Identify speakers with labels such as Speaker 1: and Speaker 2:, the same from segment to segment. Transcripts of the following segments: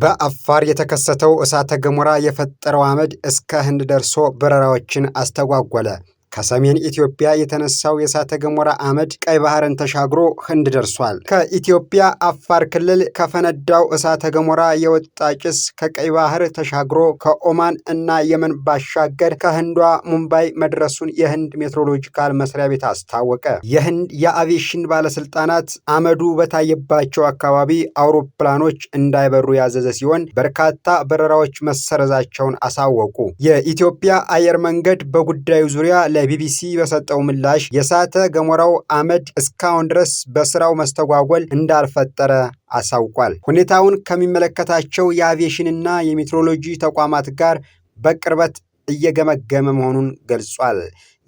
Speaker 1: በአፋር የተከሰተው እሳተ ገሞራ የፈጠረው አመድ እስከ ህንድ ደርሶ በረራዎችን አስተጓጎለ። ከሰሜን ኢትዮጵያ የተነሳው የእሳተ ገሞራ አመድ ቀይ ባህርን ተሻግሮ ህንድ ደርሷል። ከኢትዮጵያ አፋር ክልል ከፈነዳው እሳተ ገሞራ የወጣ ጭስ ከቀይ ባህር ተሻግሮ ከኦማን እና የመን ባሻገር ከህንዷ ሙምባይ መድረሱን የህንድ ሜትሮሎጂካል መስሪያ ቤት አስታወቀ። የህንድ የአቪሽን ባለስልጣናት አመዱ በታየባቸው አካባቢ አውሮፕላኖች እንዳይበሩ ያዘዘ ሲሆን በርካታ በረራዎች መሰረዛቸውን አሳወቁ። የኢትዮጵያ አየር መንገድ በጉዳዩ ዙሪያ ለ ለቢቢሲ በሰጠው ምላሽ የእሳተ ገሞራው አመድ እስካሁን ድረስ በስራው መስተጓጎል እንዳልፈጠረ አሳውቋል። ሁኔታውን ከሚመለከታቸው የአቪዬሽንና የሜትሮሎጂ ተቋማት ጋር በቅርበት እየገመገመ መሆኑን ገልጿል።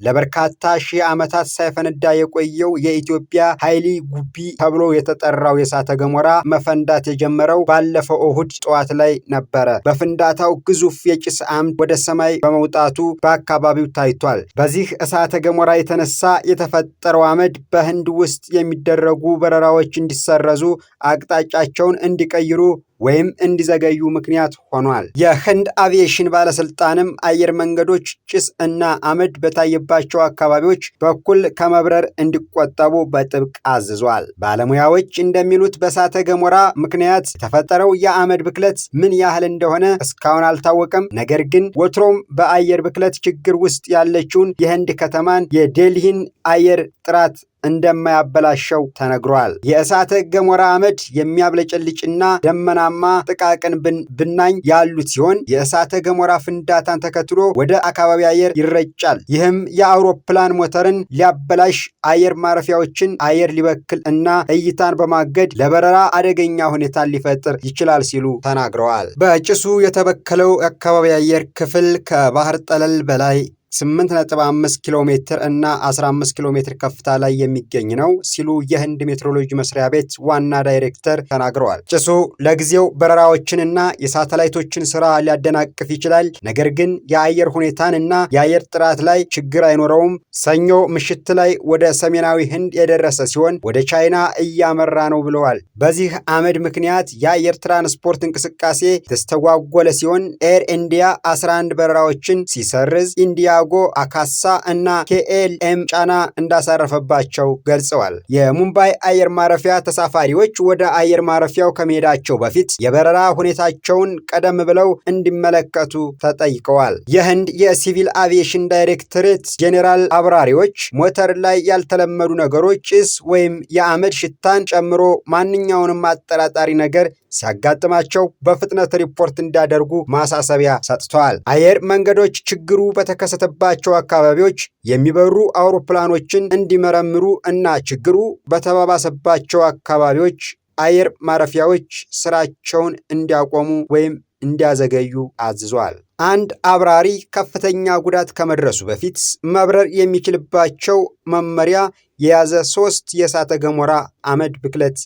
Speaker 1: ለበርካታ ሺህ ዓመታት ሳይፈነዳ የቆየው የኢትዮጵያ ኃይሊ ጉቢ ተብሎ የተጠራው የእሳተ ገሞራ መፈንዳት የጀመረው ባለፈው እሁድ ጠዋት ላይ ነበረ። በፍንዳታው ግዙፍ የጭስ አምድ ወደ ሰማይ በመውጣቱ በአካባቢው ታይቷል። በዚህ እሳተ ገሞራ የተነሳ የተፈጠረው አመድ በህንድ ውስጥ የሚደረጉ በረራዎች እንዲሰረዙ፣ አቅጣጫቸውን እንዲቀይሩ ወይም እንዲዘገዩ ምክንያት ሆኗል። የህንድ አቪዬሽን ባለስልጣንም አየር መንገዶች ጭስ እና አመድ በታየ በሚደርስባቸው አካባቢዎች በኩል ከመብረር እንዲቆጠቡ በጥብቅ አዝዟል። ባለሙያዎች እንደሚሉት በእሳተ ገሞራ ምክንያት የተፈጠረው የአመድ ብክለት ምን ያህል እንደሆነ እስካሁን አልታወቀም። ነገር ግን ወትሮም በአየር ብክለት ችግር ውስጥ ያለችውን የህንድ ከተማን የዴልሂን አየር ጥራት እንደማያበላሸው ተነግሯል። የእሳተ ገሞራ አመድ የሚያብለጨልጭና ደመናማ ጥቃቅን ብናኝ ያሉት ሲሆን የእሳተ ገሞራ ፍንዳታን ተከትሎ ወደ አካባቢ አየር ይረጫል። ይህም የአውሮፕላን ሞተርን ሊያበላሽ፣ አየር ማረፊያዎችን አየር ሊበክል እና እይታን በማገድ ለበረራ አደገኛ ሁኔታን ሊፈጥር ይችላል ሲሉ ተናግረዋል። በጭሱ የተበከለው የአካባቢ አየር ክፍል ከባህር ጠለል በላይ 8.5 ኪሎ ሜትር እና 15 ኪሎ ሜትር ከፍታ ላይ የሚገኝ ነው ሲሉ የህንድ ሜትሮሎጂ መስሪያ ቤት ዋና ዳይሬክተር ተናግረዋል። ጭሱ ለጊዜው በረራዎችንና የሳተላይቶችን ስራ ሊያደናቅፍ ይችላል፣ ነገር ግን የአየር ሁኔታን እና የአየር ጥራት ላይ ችግር አይኖረውም። ሰኞ ምሽት ላይ ወደ ሰሜናዊ ህንድ የደረሰ ሲሆን ወደ ቻይና እያመራ ነው ብለዋል። በዚህ አመድ ምክንያት የአየር ትራንስፖርት እንቅስቃሴ ተስተጓጎለ ሲሆን ኤር ኢንዲያ 11 በረራዎችን ሲሰርዝ ኢንዲያ ቲያጎ አካሳ እና ኬኤልኤም ጫና እንዳሳረፈባቸው ገልጸዋል። የሙምባይ አየር ማረፊያ ተሳፋሪዎች ወደ አየር ማረፊያው ከመሄዳቸው በፊት የበረራ ሁኔታቸውን ቀደም ብለው እንዲመለከቱ ተጠይቀዋል። የህንድ የሲቪል አቪዬሽን ዳይሬክትሬት ጄኔራል አብራሪዎች ሞተር ላይ ያልተለመዱ ነገሮች፣ ጭስ ወይም የአመድ ሽታን ጨምሮ ማንኛውንም አጠራጣሪ ነገር ሲያጋጥማቸው በፍጥነት ሪፖርት እንዲያደርጉ ማሳሰቢያ ሰጥተዋል። አየር መንገዶች ችግሩ በተከሰተባቸው አካባቢዎች የሚበሩ አውሮፕላኖችን እንዲመረምሩ እና ችግሩ በተባባሰባቸው አካባቢዎች አየር ማረፊያዎች ስራቸውን እንዲያቆሙ ወይም እንዲያዘገዩ አዝዟል። አንድ አብራሪ ከፍተኛ ጉዳት ከመድረሱ በፊት መብረር የሚችልባቸው መመሪያ የያዘ ሶስት የእሳተ ገሞራ አመድ ብክለት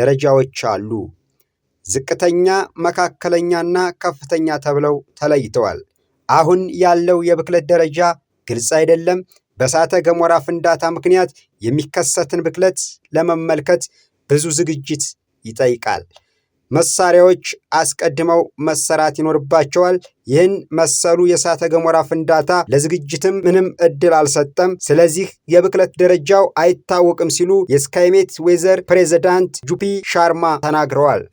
Speaker 1: ደረጃዎች አሉ። ዝቅተኛ፣ መካከለኛና ከፍተኛ ተብለው ተለይተዋል። አሁን ያለው የብክለት ደረጃ ግልጽ አይደለም። በእሳተ ገሞራ ፍንዳታ ምክንያት የሚከሰትን ብክለት ለመመልከት ብዙ ዝግጅት ይጠይቃል። መሳሪያዎች አስቀድመው መሰራት ይኖርባቸዋል። ይህን መሰሉ የእሳተ ገሞራ ፍንዳታ ለዝግጅትም ምንም እድል አልሰጠም። ስለዚህ የብክለት ደረጃው አይታወቅም ሲሉ የስካይሜት ዌዘር ፕሬዚዳንት ጁፒ ሻርማ ተናግረዋል።